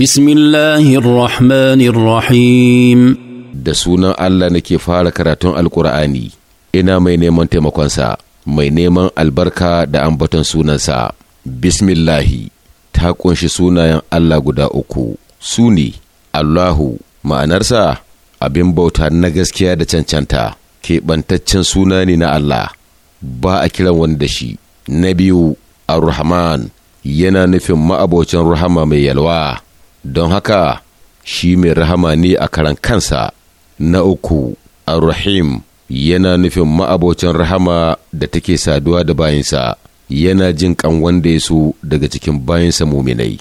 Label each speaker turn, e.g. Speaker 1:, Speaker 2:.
Speaker 1: بسم الله الرحمن الرحيم da sunan Allah nake fara karatun alkur'ani ina mai neman taimakonsa, mai neman albarka da ambaton sunansa, Bismillahi, ta ƙunshi sunayen Allah guda uku, su ne, Allahu, ma'anarsa abin bauta na gaskiya da cancanta, keɓantaccen suna ne na Allah, ba a kiran wani da shi. Na biyu, Ar-Rahman, yana nufin ma'abocin rahama mai yalwa. don haka shi mai rahama ne a karan kansa na uku ar-rahim yana nufin ma'abocin rahama da take saduwa da bayansa yana jin kan wanda ya so daga cikin bayinsa muminai